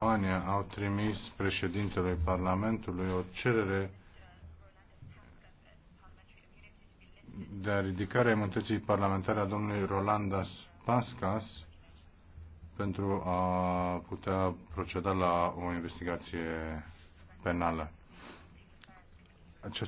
Spania au trimis președintelui Parlamentului o cerere de a ridicare a imunității parlamentare a domnului Rolandas Pascas pentru a putea proceda la o investigație penală. Acest